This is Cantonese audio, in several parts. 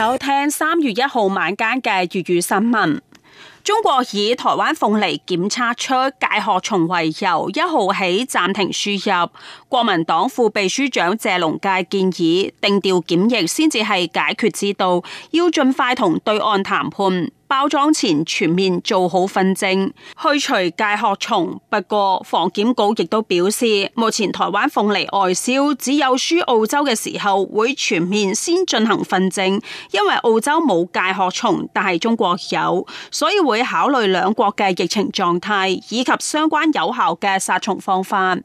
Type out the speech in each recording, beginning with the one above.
收聽三月一號晚間嘅粵語新聞。中國以台灣鳳梨檢測出介殼蟲為由，一號起暫停輸入。國民黨副秘書長謝龍介建議定調檢疫先至係解決之道，要盡快同對岸談判。包裝前全面做好燻蒸，去除介殼蟲。不過，防檢局亦都表示，目前台灣鳳梨外銷只有輸澳洲嘅時候會全面先進行燻蒸，因為澳洲冇介殼蟲，但係中國有，所以會考慮兩國嘅疫情狀態以及相關有效嘅殺蟲方法。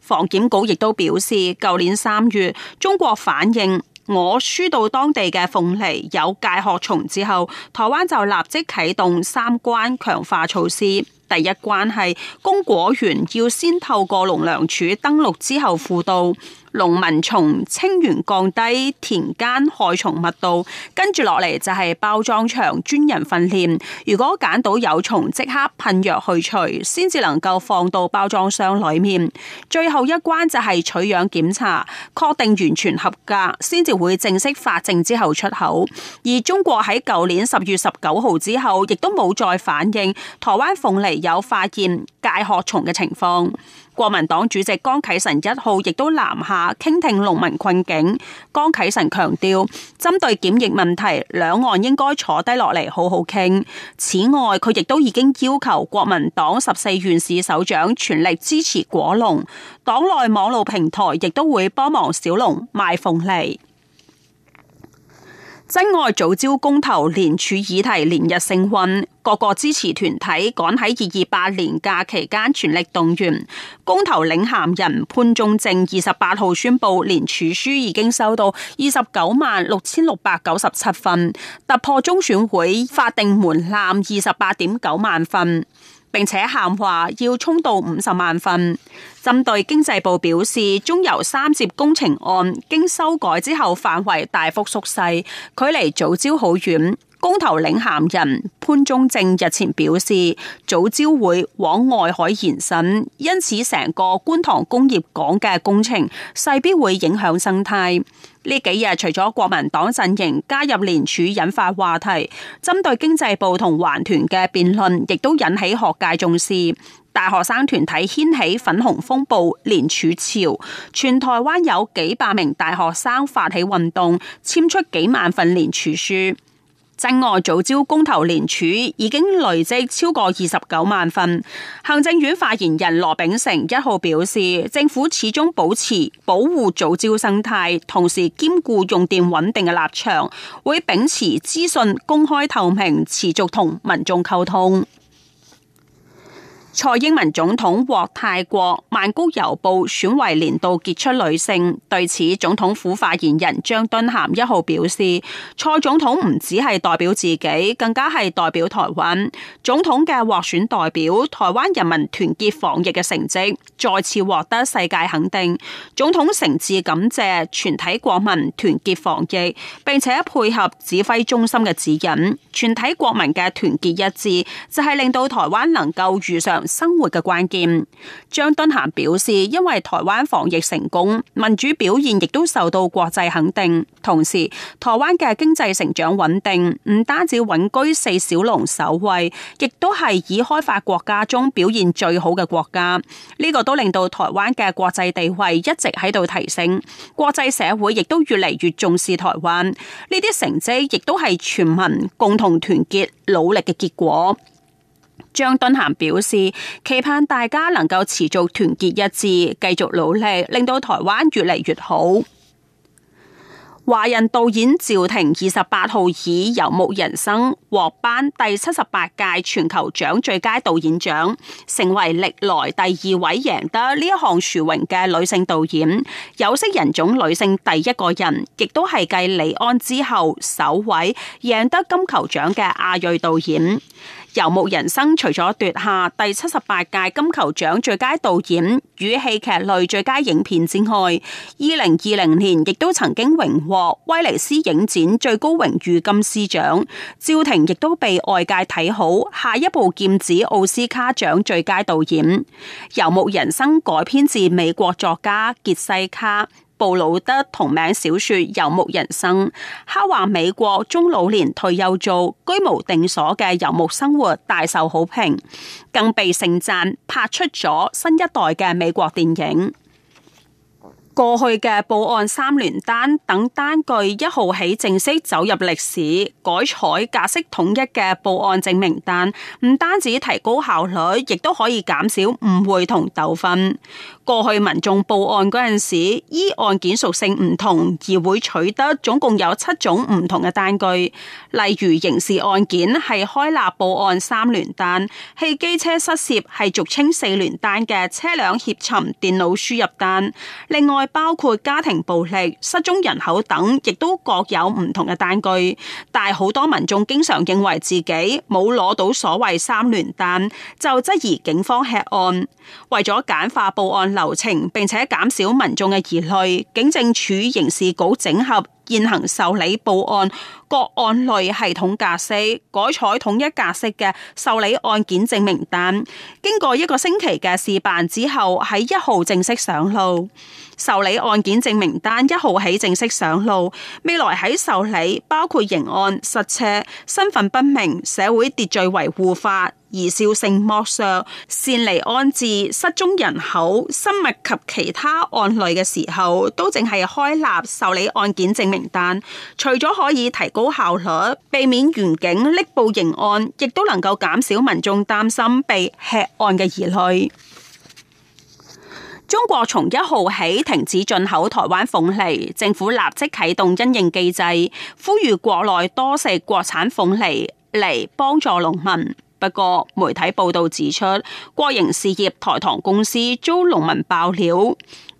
防檢局亦都表示，舊年三月中國反應。我輸到當地嘅鳳梨有介殼蟲之後，台灣就立即啟動三關強化措施。第一關係供果園要先透過農糧署登錄之後輔導。農民從清園，降低田間害蟲密度，跟住，落嚟就係包裝場專人訓練。如果揀到有蟲，即刻噴藥去除，先至能夠放到包裝箱裏面。最後一關就係取樣檢查，確定完全合格，先至會正式發證之後出口。而中國喺舊年十月十九號之後，亦都冇再反應台灣鳳梨有發現介殼蟲嘅情況。國民黨主席江啟臣一號亦都南下傾聽農民困境。江啟臣強調，針對檢疫問題，兩岸應該坐低落嚟好好傾。此外，佢亦都已經要求國民黨十四縣市首長全力支持果農，黨內網絡平台亦都會幫忙小農賣鳳梨。珍愛藻礁公投連署議題連日升溫，各個支持團體趕喺二二八年假期間全力動員。公投領銜人潘忠政二十八號宣布，連署書已經收到二十九萬六千六百九十七份，突破中選會法定門檻二十八點九萬份。並且喊話要衝到五十萬份。針對經濟部表示，中油三接工程案經修改之後，範圍大幅縮細，距離藻礁好遠。公投領銜人潘忠正日前表示，藻礁會往外海延伸，因此成個觀塘工業港嘅工程勢必會影響生態。呢幾日，除咗國民黨陣營加入聯署，引發話題，針對經濟部同環團嘅辯論，亦都引起學界重視。大學生團體掀起粉紅風暴，聯署潮，全台灣有幾百名大學生發起運動，簽出幾萬份聯署書。珍愛藻礁公投連署已經累積超過二十九萬份。行政院發言人羅秉成一號表示，政府始終保持保護藻礁生態，同時兼顧用電穩定嘅立場，會秉持資訊公開透明，持續同民眾溝通。蔡英文總統獲泰國《曼谷郵報》選為年度傑出女性。對此，總統府發言人張敦涵一號表示：蔡總統唔止係代表自己，更加係代表台灣。總統嘅獲選代表台灣人民團結防疫嘅成績，再次獲得世界肯定。總統誠摯感謝全體國民團結防疫，並且配合指揮中心嘅指引。全體國民嘅團結一致，就係令到台灣能夠遇上生活嘅關鍵，張敦涵表示，因為台灣防疫成功，民主表現亦都受到國際肯定，同時台灣嘅經濟成長穩定，唔單止穩居四小龍首位，亦都係已開發國家中表現最好嘅國家。呢、這個都令到台灣嘅國際地位一直喺度提升，國際社會亦都越嚟越重視台灣。呢啲成績亦都係全民共同團結努力嘅結果。張敦涵表示，期盼大家能夠持續團結一致，繼續努力，令到台灣越嚟越好。華人導演趙婷二十八號以《遊牧人生》獲頒第七十八屆金球獎最佳導演獎，成為歷來第二位贏得呢一項殊榮嘅女性導演，有色人種女性第一個人，亦都係繼李安之後首位贏得金球獎嘅亞裔導演。《遊牧人生》除咗奪下第七十八屆金球獎最佳導演與戲劇類最佳影片之外，二零二零年亦都曾經榮獲威尼斯影展最高榮譽金獅獎。趙婷亦都被外界睇好，下一步劍指奧斯卡獎最佳導演。《遊牧人生》改編自美國作家傑西卡布魯德同名小説《遊牧人生》，他話美國中老年退休做居無定所嘅遊牧生活大受好評，更被盛讚拍出咗新一代嘅美國電影。過去嘅報案三聯單等單據一號起正式走入歷史，改採格式統一嘅報案證明單，唔單止提高效率，亦都可以減少誤會同糾紛。過去民眾報案嗰陣時，依案件屬性唔同而會取得總共有七種唔同嘅單據，例如刑事案件係開立報案三聯單，汽機車失竊係俗稱四聯單嘅車輛協尋電腦輸入單，另外。包括家庭暴力、失蹤人口等，亦都各有唔同嘅單據，但好多民眾經常認為自己冇攞到所謂三聯單，就質疑警方吃案。為咗簡化報案流程，並且減少民眾嘅疑慮，警政署刑事局整合現行受理報案。各案類系統格式改採統一格式嘅受理案件證明單，經過一個星期嘅試辦之後，喺一號正式上路受理案件證明單。一號起正式上路，未來喺受理包括刑案、實車、身份不明、社會秩序維護法、兒少性剝削、擅離安置、失蹤人口、生物及其他案類嘅時候，都淨係開立受理案件證明單。除咗可以提高效率，避免員警匿報刑案，亦都能夠減少民眾擔心被吃案嘅疑慮。中國從一號起停止進口台灣鳳梨，政府立即啟動因應機制，呼籲國內多食國產鳳梨嚟幫助農民。不過，媒體報道指出，國營事業台糖公司遭農民爆料。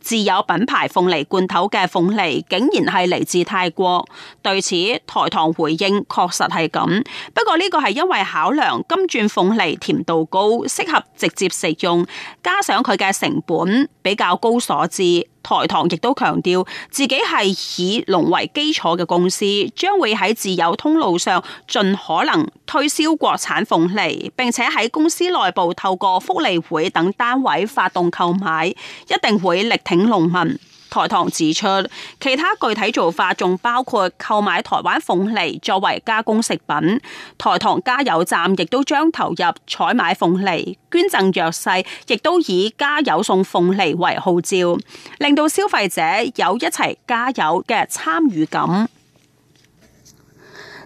自有品牌鳳梨罐頭嘅鳳梨竟然係嚟自泰國，對此台糖回應確實係咁，不過呢個係因為考量金鑽鳳梨甜度高，適合直接食用，加上佢嘅成本。比較高所致，台糖亦都強調自己係以農為基礎嘅公司，將會喺自有通路上盡可能推銷國產鳳梨，並且喺公司內部透過福利會等單位發動購買，一定會力挺農民。台糖指出，其他具體做法仲包括購買台灣鳳梨作為加工食品。台糖加油站亦都將投入採買鳳梨，捐贈弱勢，亦都以加油送鳳梨為號召，令到消費者有一齊加油嘅參與感。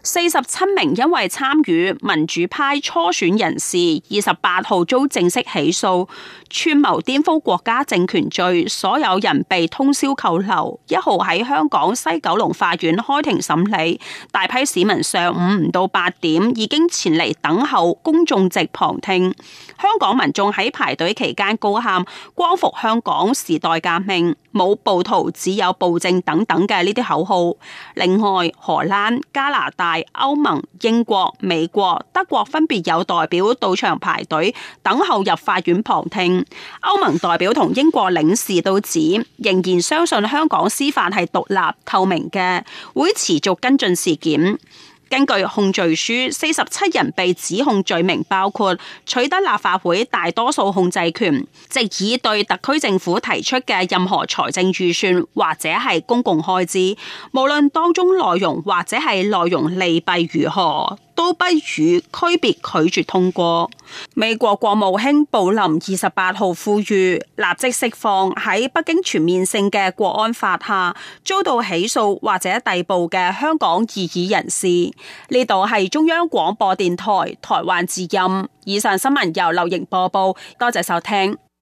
四十七名因為參與民主派初選人士，二十八號遭正式起訴串謀顛覆國家政權罪，所有人被通宵扣留。一號喺香港西九龍法院開庭審理，大批市民上午唔到八點已經前嚟等候，公眾席旁聽。香港民眾喺排隊期間高喊光復香港時代革命、冇暴徒只有暴政等等嘅呢啲口號。另外，荷蘭、加拿大、係歐盟、英國、美國、德國分別有代表到場排隊等候入法院旁聽。歐盟代表同英國領事都指，仍然相信香港司法係獨立透明嘅，會持續跟進事件。根據控罪書，四十七人被指控罪名，包括取得立法會大多數控制權，即以對特區政府提出嘅任何財政預算或者係公共開支，無論當中內容或者係內容利弊如何。都不予區別拒絕通過。美國國務卿布林二十八號呼籲立即釋放喺北京全面性嘅國安法下遭到起訴或者逮捕嘅香港異議人士。呢度係中央廣播電台台灣之音。以上新聞由劉瑩播報，多謝收聽。